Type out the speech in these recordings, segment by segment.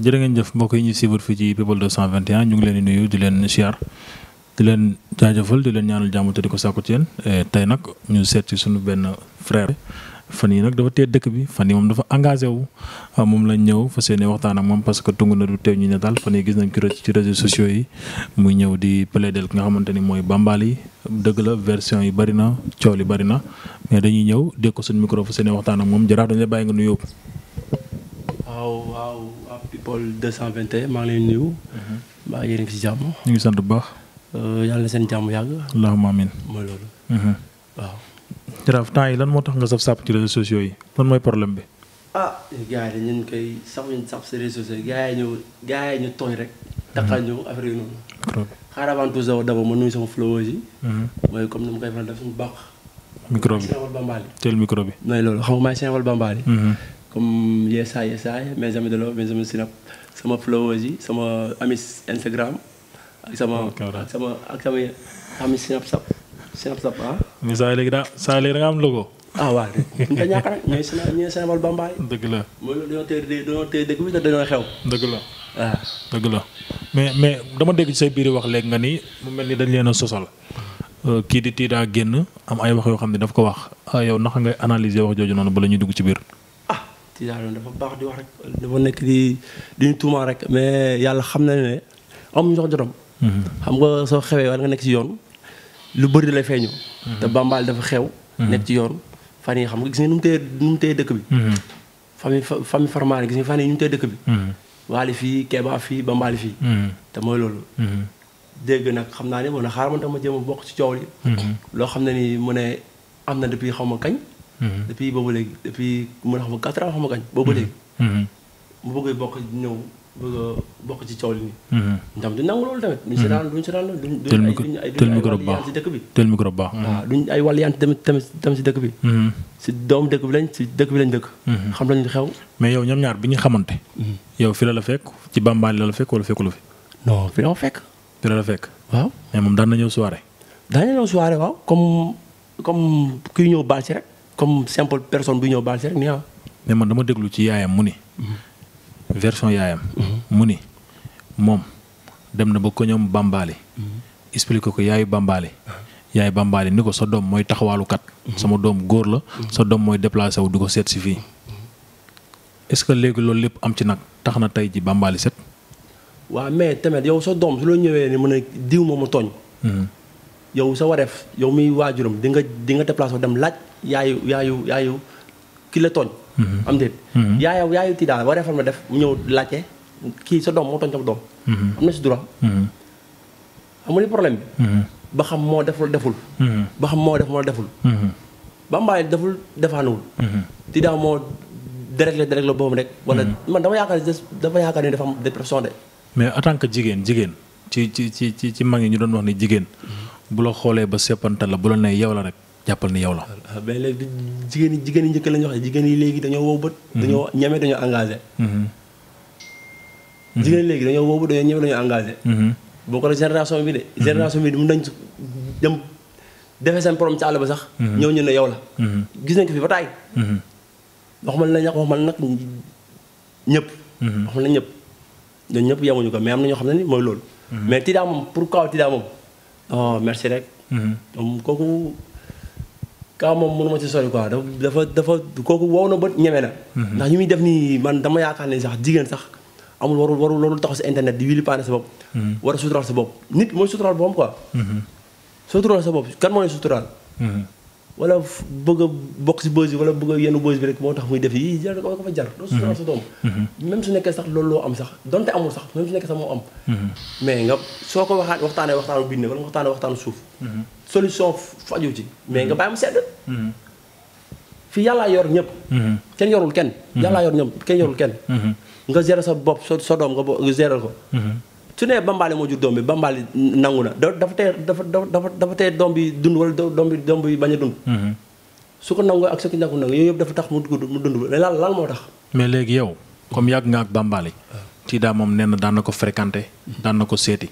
jërë ngeen jëf mbokk yi ñu suivre fii ci People 221 ñu ngi leen di nuyu di leen siyaar di leen jaajëfal di leen ñaanal jàmm te di ko sàkku ci yéen eh, tey nag ñu seet ci suñu benn frère fan yi nag dafa tee dëkk bi fan yi moom dafa engagé wu ah, moom lañ ñëw fa seeni waxtaan ak moom parce que tung na du teew ñu ne daal fan yi gis nañ ko ci réseaux sociaux yi muy ñëw di plaider ki nga xamante ni mooy bambal yi dëgg la version yi bari na coow yi bari na mais dañuy ñëw dégg ko suñu micro waxtaan ak moom jaraaf dañ la nga nuyoo waaw people 221 maa ngi leen nuyu. mbaa mhm. yéen a ngi si jàmm. ñu ngi sant bu baax. Euh, yàlla na seen jàmm yàgg. allahumma amiin mooy loolu. Mhm. waaw. jaraaf temps yi lan moo tax nga saf sàpp ci réseaux sociaux yi lan mooy problème bi. ah gars yi dañu koy sax ñu sàpp si réseaux sociaux yi gars yi ñu gars yi ñu tooñ rek. taxaw mhm. ñu affaire yi noonu. xaar avant tout ça d'abord ma nuyu sama followers yi. mooy comme ni ma koy faral def suñu baax. micro bi teel micro bi. mooy loolu xam nga maay Sénégal Bambali. comme Yeesaay Yeesaay mes amis de l'eau mes amis Sinapp sama followers yi sama amis Instagram oh, ak sama ak sama ak sama amis Sinapp Sap Sinapp Sap ah. am logo. ah waaw de ñu dëgg la mooy loolu xew. dëgg la ah. dëgg la mais mais dama dégg ci say biir wax léegi nga ni mu mel ni dañ leen a sosal. Euh, kii di tiidaa génn am ay wax yoo xam ne daf ko wax ah, yow naka ngay analyser wax jooju noonu bala ñuy dugg ci biir. Tijaan dafa baax di wax rek dafa nekk di di ñu tuuma rek mais yàlla xam na ne am jox jotam. Mm-hmm. xam nga soo xewee war nga nekk ci yoon lu bëri lay feeñu. Mm-hmm. te Bambaali dafa xew. Mm-hmm. nekk ci yoon fan yi xam nga gis nga nu mu tee nu mu tee dëkk bi. famille famille Farmaane gis nga fan yi nu mu tee dëkk bi. Waali fii Kéba fii Bambaali fii. te mooy loolu. dégg nag xam naa ne moom na xaaral ma tam ma jéem a bokk ci coow li. loo xam ne ni mu ne am na depuis xaw ma kañ. Mm-hmm. depuis boobu léegi depuis mën a xam quatre ans xam a kañ. boobu léegi. Mm-hmm. mu bëgg bokk ñëw a bokk ci coow li nii. Mm-hmm. ndam du nangu loolu tamit. duñ si daan duñ si daan loolu duñ. duñ ay duñ ay wàlliyaan si dëkk bi tël micro baax tël micro baax. waaw duñ ay wàlliyaan tamit tamit tamit si dëkk bi. si doom dëkk bi lañ si dëkk bi lañ dëkk. xam lañ xew. mais yow ñoom ñaar bi ñu xamante. yow fi la la fekk ci bàmbaali la la fekk wala fekkul fi. non fi la ma fekk. fi la la fekk. waaw mais moom daan na ñëw soirée. daan na ñëw soirée waaw comme comme kuy ñëw baal si rek comme simple personne bu ñëw baal si rek nii ah. mais man dama déglu ci yaayam mu ni. Mhm. version yaayam. Mhm. mu ni moom dem na ba ko ñoom bambaali. Mhm. expliqué ko yaayu bambaali. Uh-huh. yaay bambaali ni ko sa doom mooy kat sama doom góor la. sa doom mooy déplacé wu di ko seet si fii. est-ce que léegi loolu lépp am ci nag tax na tey ji bambaali set. waaw mais tamit yow sa doom su la ñëwee ni mën a diw moomu tooñ. yow sa wareef yow muy waajuram di nga di nga dem laaj. yaayu yaayu yaayu ki la tooñ. Mm-hmm. am déet. Mm-hmm. yaayu yaayu Tida ba ma def mu ñëw laajte kii sa doom moo tooñ sa doom. Mm-hmm. am na si droit. xam nga ni bi. ba xam moo deful deful. ba xam moo def moo deful. Bambaye deful defaanuwul. Tida moo déréglé déréglé boobu rek. wala man dama yaakaar ne dafa yaakaar dafa am dépression de. mais en tant que jigéen jigéen ci ci ci ci mag yi ñu doon wax ni jigéen. bu la xoolee ba seppantal la bu la nee yow la rek. jàppal ni yow la. waaw mais léegi jigéen yi jigéen yi njëkk lañ mhm. mhm. mhm. léegi dañoo wow bët. dañoo ñeme dañoo engagé. jigéen yi léegi dañoo wow bët bi de. génération bi mun nañ dem defee seen problème ci ba sax. ñëw ñu ne yow la. gis nañ ko fi ba taay. man la ñàkk wax man nag ñëpp. wax man la ñëpp ñoom ñëpp yemuñu ko mais am na xam ne ni mooy loolu. mais Tida moom pourquoi Tida moom. Oh, merci rek. kooku. kaw moom mënu ma ci sori quoi dafa dafa kooku wow na ba ñeme na. Mhm. ndax ñu muy def nii man dama yaakaar ne sax jigéen sax amul warul warul warul taxaw si internet di wili paane sa bopp. Mhm. war a suturaal sa bopp nit mooy suturaal boppam quoi. Mhm. suturaal sa bopp kan mooy suturaal. wala bëgg a bokk si bës bi wala bëgg a yenn bës bi rek moo tax muy def yi jar ko fa jar doo soutenir sa doom même su nekkee sax loolu loo am sax donte amul sax même su nekkee sax moo am mhm. mais nga soo ko waxaat waxtaanee waxtaanu bind wala nga waxtaanee waxtaanu suuf mhm. solution faju ci mais nga mhm. bàyyi mu sedd fii yàllaa yor ñëpp kenn yorul kenn yàllaa yor ñëpp kenn yorul kenn nga gérer sa bopp sa doom nga bo nga gérer ko su nee bambaale moo jur doom bi bambaale nangu na dafa tee dafa dafa dafa tee doom bi dund wala doom bi doom bi bañ a dund. Mm-hmm. su ko nangoo ak su ko nangu nag yooyu yëpp dafa tax mu dund mu dund ah. moom nee daan na ko fréquenté. Mm-hmm. daan na ko seeti.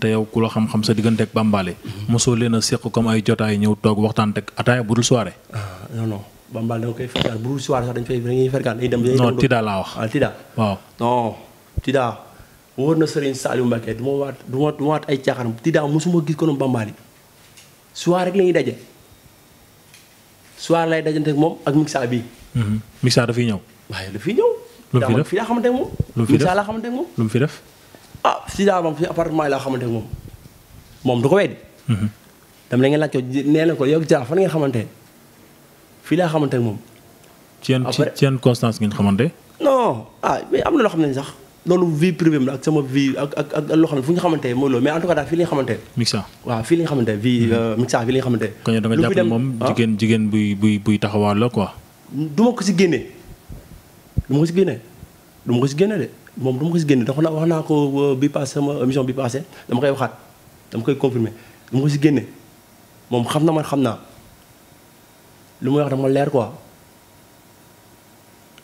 te yow ku la xam-xam sa diggante ak bambale. Mm-hmm. mosoo leen a seq comme ay jotaay ñëw toog waxtaan teg ataaya bu dul soirée. ah non da nga koy laa wax. ah waaw non wóor na Serigne Saliou Mbacké du ma waat du ma du ma waat ay caaxaan Tida mosuma gis ko noonu Bambaali soir rek la ñuy daje soir lay dajante ak moom ak Mixa bii. Mhm. Mixa dafay ñëw. waaye dafay ñëw. lu mu fi def fi laa xamante lu mu fi def Mixa lu fi def. ah Tida moom fi appartement yi laa xamante ak moom moom du ko weddi. Mhm. dama la ngeen laaj ko nee na ko yow Dia fan ngeen xamante fii laa xamante ak moom. après ci yan ci yan constance ngeen xamante. non ah mais am na loo xam ne sax. loolu vie privée am ak sama vie ak ak ak loo xam ne fu ñu xamante ne mooy loolu mais en tout cas daal fii la ñu xamante ne. Mixa waaw fii la ñu xamante ne vie hmm. euh, Mixa fii la ñu xamante ne. lu ah. ko si génnee si génnee du ma si génnee moom du ma ko si génnee wax naa ko euh, bi passé sama émission bi passé dama koy waxaat dama koy confirmer du ko si génnee moom xam na ma xam naa lu ma wax dama leer quoi.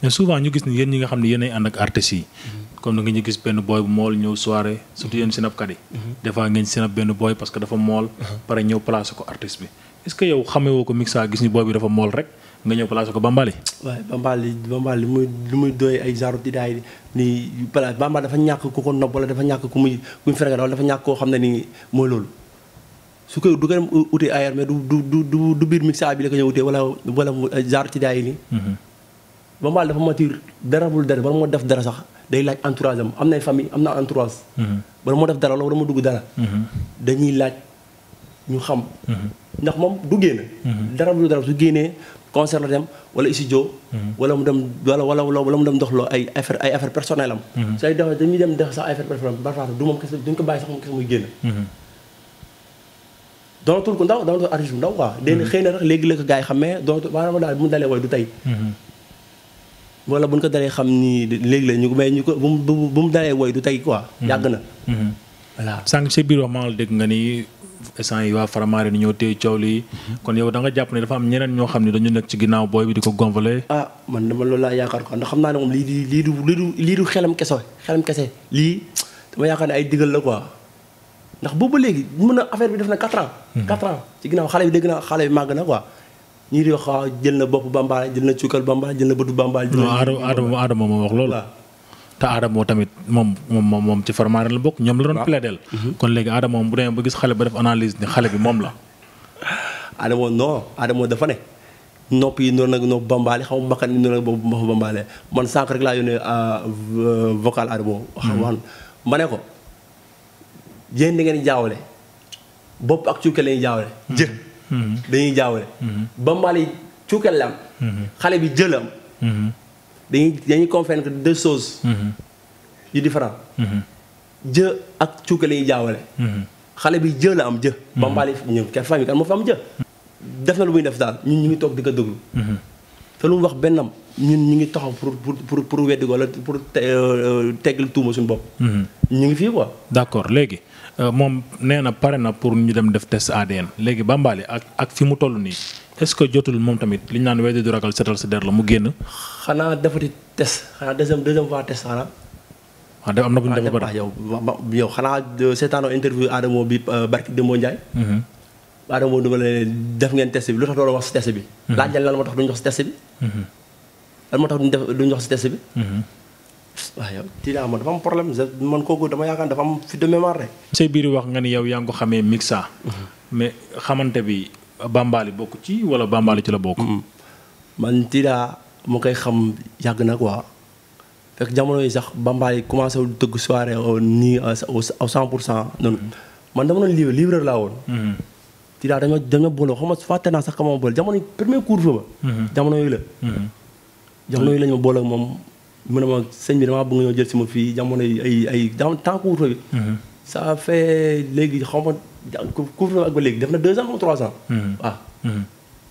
mais souvent ñu gis ni yéen ñi nga xam ne yéenay ànd ak artistes yi. Hmm. comme da nga gis benn booy bu mool ñëw soirée surtout yéen sinapkat yi mhm. des fois ngeen sinap benn booy parce que dafa mool mhm. pare ñëw placé ko artiste bi est ce que yow xamee woo ko mixa gis ni booy bi dafa mool rek nga ñëw placé ko Bambali waaw Bambali muy lu muy doy ay genre didaay nii pla Bambali dafa ñàkk ku ko nopp wala dafa ñàkk ku muy ku muy ferga wala dafa ñàkk koo xam ne nii mooy loolu su ko du ko dem uti ayer mais du du biir mixa bi la ko ñëw utee wala wala genre Bambal dafa mature dara bul dara bala moo def dara sax day laaj entourage am am nay famille am na entourage. Mhm. bala moo def dara wala moo dugg dara. Mhm. dañuy laaj ñu xam. Mhm. ndax moom du génn. dara bul dara su génnee concert la dem wala studio. wala mu dem wala wala wala mu dem doxloo ay affaire ay affaire personnelle am. su ay dox dañuy dem def sax ay affaire personnelle ba du moom kese duñ ko bàyyi sax moom kese muy génn. doonatul ku ndaw doonatul artiste bu ndaw quoi. dégg xëy na rek léegi la ko gars yi xamee doonatul maanaam daal bu mu dalee wala bu ñu ko dalee xam ni léegi la ñu ko may ñu ko bu mu bu mu dalee woy du tey quoi. Mhm. yàgg na. Mhm. voilà sànq si biir wax maa la dégg nga ni essence yi waa Faramare ni ñoo téye coow lii. Mhm. kon yow da jàpp ne dafa am ñeneen ñoo xam ne dañu nekk ci ginnaaw booy bi di ko gonfale. ah man dama loolu laa yaakaar ko xam naa ne moom lii du lii du xelam kese lii dama yaakaar ne ay digal la quoi. ndax boobu léegi mën na affaire bi def na 4 ans. 4 ans ci ginnaaw xale bi ñii di wax ah, jël na bopp bambara jël na cukkal bambara jël na bëtu bambara. jël na aadama aadama moo wax loolu. te aadama tamit moom moom moom ci farmaare la bokk ñoom la doon plaidel. Mhm. kon léegi aadama moom bu demee ba gis xale ba def analyse ni xale bi moom la. aadama non aadama dafa ne nopp yi noonu nag nopp bambaale xaw ma bakkan yi noonu nag bopp bambaale man sànq rek laa yónnee ah, euh, vocal aadama. Mhm. wax ma ne ko yéen da ngeen jaawale bopp ak cukkal la ñuy dañuy jaawale. Mm-hmm. ba Mali cukkal lam mm-hmm. xale bi jëlam. Mm-hmm. dañuy dañuy confondre deux choses. yu différent. jë ak cukkal la jaawale. xale bi jë la am jë. ba Mali ñoom kenn famille kan moo fa am jë. def na lu muy def daal ñun ñu ngi toog di ko déglu. te lu mu wax bennam ñun ñu ngi taxaw pour pour pour weddi ko wala pour euh, euh, tegal tuuma suñu bopp. ñu ngi fii quoi. d'accord léegi. Euh, moom nee na pare na pour ñu dem def test ADN léegi Bambaly ak ak fi mu toll nii est-ce que jotul moom tamit li ñu naan weddi du ragal setal sa der la mu génn. xanaa defati test xanaa deuxième deuxième fois test xanaa. waaw ah, da am na bu ñu def ba pare ngeen test bi lu tax doon wax si test bi. Mhm. laaj lan moo tax duñ tax duñ def wax si test bi. Mhm. waaw yow ma dafa am problème man kooku dama yaakaar dafa am fi de mémoire say biir wax nga ni yow yaa ngi xamee mixa. Mhm. mais xamante bi bambali bokk ci wala bambali ci la bokk. Mhm. man Tida mu koy xam yàgg na quoi fekk jamono yi sax bambali commencé wu tëgg soirée nii au cent pour cent noonu mhm. man dama doon livre laa woon. Tida dañoo dañoo boole xaw ma fàtte naa sax xaw ma boole jamono yi premier cours ma boole ak moom. mu ne ma sëñ bi damaa bëgg ñoo jël si ma fii jamono yi ay ay daaw temps couvre-feu bi. Mm-hmm. ça fait léegi xaw ma na deux ans ou trois ans. waaw mm-hmm. ah. mm-hmm.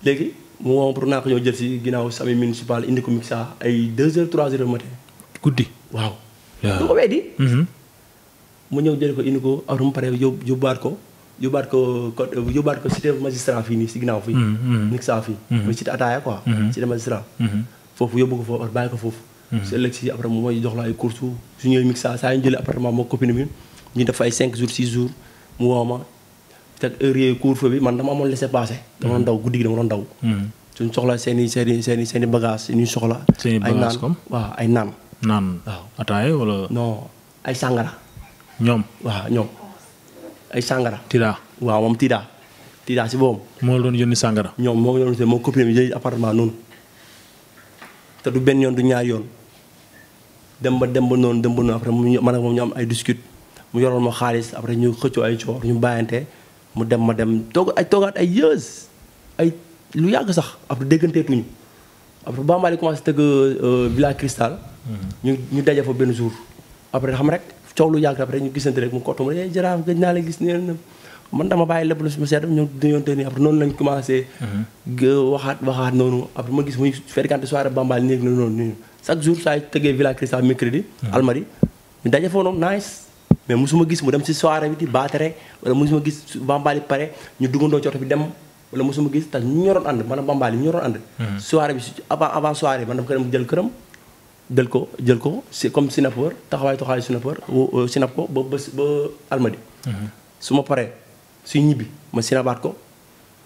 léegi mu woo pour naa ko ñoo jël si ginnaaw sami municipal indi ko mixa ay deux heures trois foofu yóbbu bàyyi ko foofu. Mm-hmm. si ëllëg si après mu may jox la ay courses su ñëwee mixa saa ñu jëlee appartement moo copine def ay 5 jours 6 jours mu woo ma te heure yooyu couvre-feu bi man dama amoon laisser passer. dama doon daw guddi gi dama doon daw. Mm-hmm. suñ soxla seen i seen i seen i seen i soxla. seen i bagages comme ay naan. naan waaw wala. non ay sàngara. ñoom waaw ñoom ay sàngara. waaw moom Tida. Tida si boobu. moo la doon ñoom moo doon yónni moo copine noonu te du benn yoon du ñaar yoon. dem ba dem ba noonu dem ba noonu après mu man ak moom ñu am ay discute mu yoroon ma xaalis après ñu xëccoo ay coor ñu bàyyante mu dem ma dem toog ay toogaat ay years ay lu yàgg sax après dégganteetuñu après ba Mali commencé tëgg euh, Villa Cristal. Hmm. ñu ñu daje fa benn jour. après xam rek coow lu yàgg après ñu gisante rek mu kottu ma eh jaraaf gëj naa la gis nee na man dama bàyyi la lu mu sedd ñoom dañoo tënk après noonu lañ commencé. Mhm. waxaat waxaat noonu après ma gis mu fréquenté soirée bambal néeg la noonu ñu chaque jour saa yu tëggee Villa Cristal mercredi. Mhm. almari ñu daje foofu noonu nice mais suma gis mu dem si soirée bi di baatere wala suma gis bambali pare ñu duggandoo ci oto bi dem wala musuma gis te ñu ñoroon ànd maanaam bambali ñu ñoroon ànd. Mhm. soirée bi avant avant soirée man dama ko dem jël këram. jël ko jël ko si comme Sinapore taxawaay taxawaay Sinapore wo euh, Sinap ko ba ba ba Almadi. su ma paree. suy ñibbi ma baat ko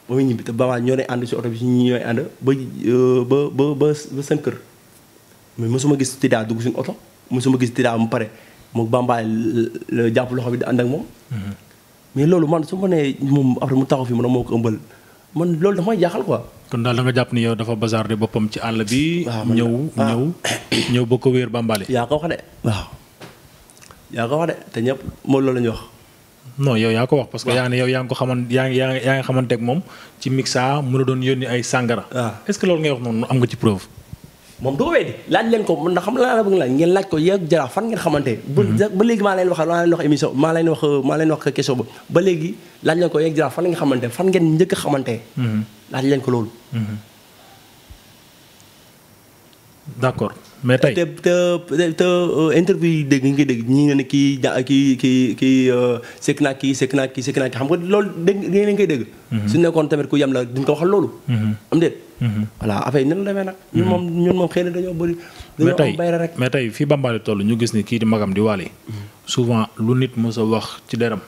ba muy ñibbi te ba ñoo ne ànd si oto bi si ñi ñooy ànd ba euh, ba ba ba ba seen kër mais mosuma gis Tida dugg suñu oto mosuma gis Tida mu pare mu bambaay jàpp loxo bi di ànd ak moom. Mm-hmm. mais loolu man su ma nee moom après mu taxaw fi man moo ko ëmbal man loolu dafa may jaaxal quoi. kon daal da nga jàpp ni yow dafa bazardé boppam ci àll bi. waaw ah, ñëw ah. ñëw ñëw ba ko wéer bambale. yaa ko wax de yaa ko wax te ñëpp moom loolu la ñu wax. no yow yaa ko wax parce que yaa ne yow yaa ngi ko xaman yaa ngi yaa ngi xamante ak moom ci mixa mu la doon yónni ay sàngara ah. est ce que loolu ngay wax noonu am nga ci preuve moom du weddi laaj leen ko ndax xam la bëgg laaj ngeen laaj ko fan ngeen xamante mhm. ba léegi maa leen wax maa maa leen wax maa leen wax question ba léegi laaj leen ko yéeg jaraaf fan ngeen xamante fan ngeen njëkk a xamante mhm. laaj leen ko loolu mhm. mais euh, tey te te te euh, interview yi dégg nga dégg ñi ne ne kii ja kii kii kii euh, sekk naa kii sekk naa kii sekk naa xam nga loolu dégg ngeen leen koy dégg. Mhm. su nekkoon tamit ku yam la duñ ko waxal loolu. Mhm. am déet. Mhm. voilà affaire yi nan la demee nag. moom ñun moom xëy na dañoo bëri. dañoo am bayra rek mais tey fii Bambaali toll ñu gis ni kii di magam di Wally. souvent lu nit mës wax ci deram.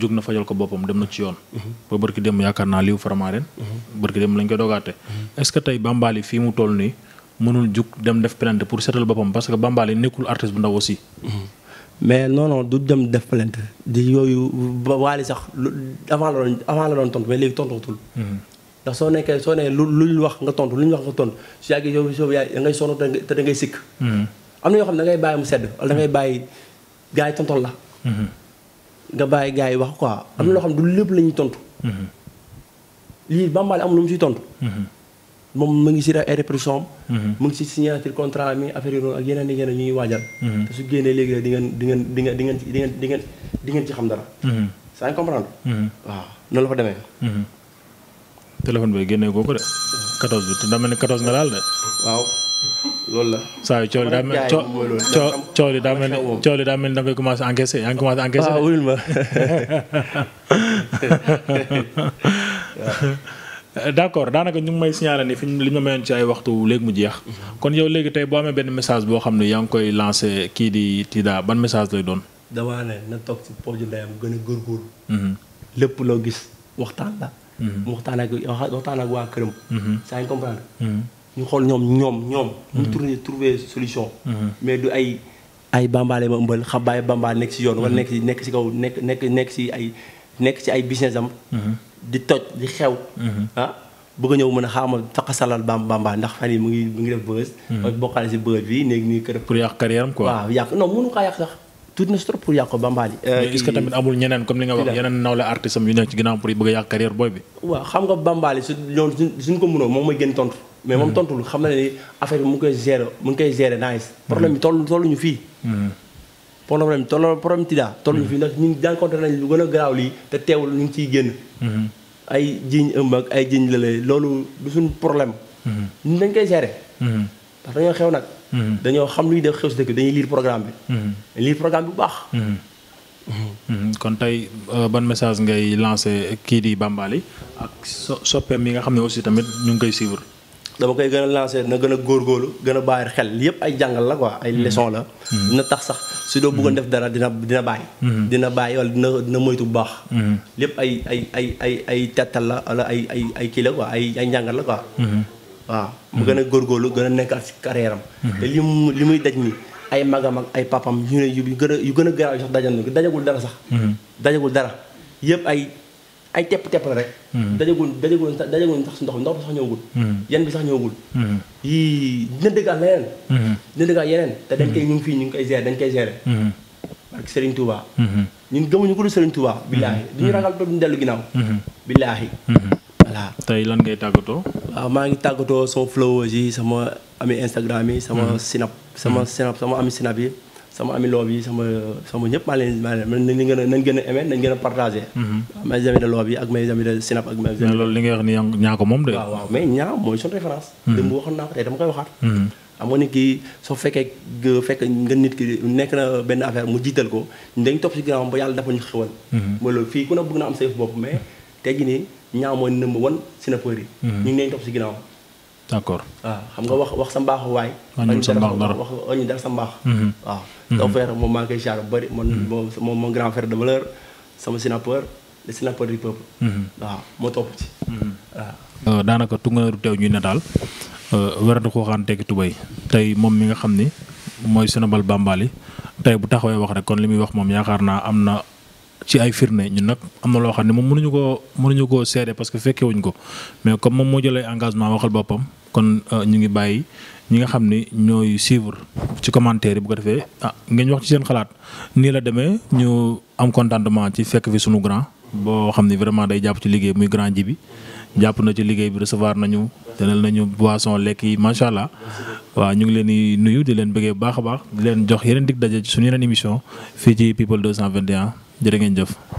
jóg na fajal ko boppam dem na ci yoon. ba barki dem yaakaar naa liw faramaaren. barki dem lañ ko dogaate. est-ce que tey Bambaali fii mu toll nii. mënul jug dem def plainte pour seetal boppam parce que Bambaly nekkul artiste bu ndaw aussi. mais non non du dem def plainte di yooyu ba Wally sax avant la doon avant la doon mhm. soo nekkee soo nee lu luñ wax nga tontu luñ wax nga tontu su yàggee yow yow yaay da ngay sonn te da ngay sikk. Mhm. am na yoo xam ne da ngay bàyyi mu sedd wala da bàyyi gars yi tontool la. Mhm. nga bàyyi gars yi wax quoi. am na loo xam du lépp la tontu. lii Bambaly am mu siy tontu. moom mu ngi si ay répression mhm. mu ngi si signature contrat mi affaire yi noonu ak yeneen ak yeneen ñu ñuy waajal mhm. te su génnee léegi rek di ngeen di ngeen di ngeen di ngeen di ngeen di ngeen di ngeen ci xam dara mhm. ça ngi comprendre waaw noonu la fa demee téléphone bi génnee kooku de 14 bi te daa mel ni 14 nga laal de waaw loolu la saa yu coow li daa mel coow li daa mel coow li daa mel dafay commencé yaa ngi commencé encaissé waaw Euh, d' accord daanaka ñu ngi may signaler ni fi li ñu mayoon ci ay waxtu léegi mu jeex. kon yow léegi tey boo amee benn message boo xam ne yaa ngi koy lancé kii di Tida ban message lay doon. damaa ne na toog ci pooju ndeyam gën a mhm. lépp loo gis waxtaan la. mu mhm. waxtaan ak waxtaan ak waa mhm. xool ñoom ñoom ñoom. ñu solution. mais du ay ay bambaale ma ëmbal xabaay bambaale nekk ci yoon. wala nekk ci nekk ci kaw nekk nekk nekk ci ay nekk ci ay business di toj di xew. Mhm. Ah, bëgg a ñëw mën a xaamal taqasalal bam bamba ndax fan yi mu ngi mu ngi def buzz. Mhm. bokkaale si buzz bi léegi nii kër. pour yàq carrière am quoi na ko Bambaali. est ce que tamit amul ñeneen comme li nga wax yeneen nawle artiste am yu nekk ci ginnaaw pour bëgg a yàq carrière booy bi. waaw xam nga Bambaali su ñoom suñ ko mënoo moom mooy gën tontu. mais moom mhm. tontul xam na ne affaire bi mu ngi koy gérer mu ngi koy gérer nice problème bi toll tolluñu fii. problème tolloo problème Tida. tolluñu fi mhm. nag ñun jànkuwante nañ lu gën a garaaw lii te teewul ñu ngi ciy génn. Mhm. ay jiñ ëmb ak ay jiñ lële loolu du suñu problème. Mhm. ñun dañ koy gérer. parce que dañoo xew nag. dañoo xam luy def xew si dëkk dañuy lire programme bi. lire programme bi bu baax. kon tey euh, ban message ngay lancé kii di Bambaly ak so soppeem yi nga xam ne aussi tamit ñu ngi koy suivre. dama koy gën a lancé na gën a góor góorgóorlu gën a bàyyi xel yépp ay jàngal la quoi ay leçon la dina mm-hmm. tax sax si doo bëggoon def dara dina dina bàyyi mm-hmm. dina bàyyi wala dina dina moytu bu baax mm-hmm. lépp ay ay ay ay ay tettal la wala ay ay ay kii la quoi ay ay njàngal la quoi waaw mu gën a góor góorlu gën a nekk ak carrière am te li mu li muy daj nii ay magam ak ay papam ñu ne yu gën a yu gën a garaaw sax dajal dajagul dara sax dajagul dara yépp ay ay tepp-tepp la rek. dajaguñ hmm. dajaguñ sax dajaguñ sax si ndox ndox bi sax ñëwagul. Hmm. yan bi sax ñëwagul. Hmm. yii dina dëggaat leneen. dina dëggaat yeneen. te dañ koy ñu fii ñu ngi koy gérer dañ koy gérer. barke Serigne Touba. ñun gëmuñu ko du Serigne Touba. billaahi duñu ragal duñu dellu ginnaaw. billaahi. voilà tey ngay tàggatoo. waaw maa ngi tàggatoo sama followers yi sama ami Instagram yi. sama Snap sama Snap sama ami Snap yi. sama ami loob yi sama sama ñëpp maa leen maa leen nañ gën a nañ gën a aimé nañ gën a partagé mhm. mes amis de loob yi ak mes amis de sinap ak mes amis loolu li nga wax ni ñaa ko moom de waaw waaw mais ñaa mooy mhm. mhm. soo fekkee nga nit ki nekk na benn affaire mu jiital ko dañ topp si ginnaawam ba yàlla dafa ñu xewal mooy loolu fii ku ne bëgg na am sa yëf bopp mais tey jii nii ñaa mooy nëmb wan sinapeur yi ñu topp si ginnaawam d' accord waaw ah, xam nga wax wax sa mbaaxu waay. Ah, wàññiwul sa mbaax dara wax wàññi dara sa mbaax. waaw. Mm-hmm. Ah, mm-hmm. donc frère moom maa ngi koy genre bëri man moom mm-hmm. mon grand frère de valeur sama sénateur le sénateur du peuple. Euh, daanaka tungaaru teew ñu ne daal euh, wérante xooxaan tekki tubay tey moom mi nga xam ni mooy Sénégal Bambaly tey bu taxawee wax rek kon li muy wax moom yaakaar naa am na. ci ay firnde ñun nag am na loo xam ne moom mënuñu koo mënuñu koo seede parce que fekkewuñ ko mais comme moom moo jëlee engagement waxal kon euh, ñu ngi bàyyi ñi nga xam ni ñooy suivre ci commentaire yi bu ko defee ah ngeen wax ci seen xalaat nii la demee ñu am contentement ci fekk fi sunu grand boo xam ni vraiment day jàpp ci liggéey muy grand ji bi jàpp na ci liggéey bi recevoir nañu tenal nañu boisson lekk yi macha allah waa ñu ngi leen di nuyu di leen bëggee baax a baax di leen jox yeneen dig dajee ci suñu yeneen émission fi ci people 221 jërë ngeen jëf.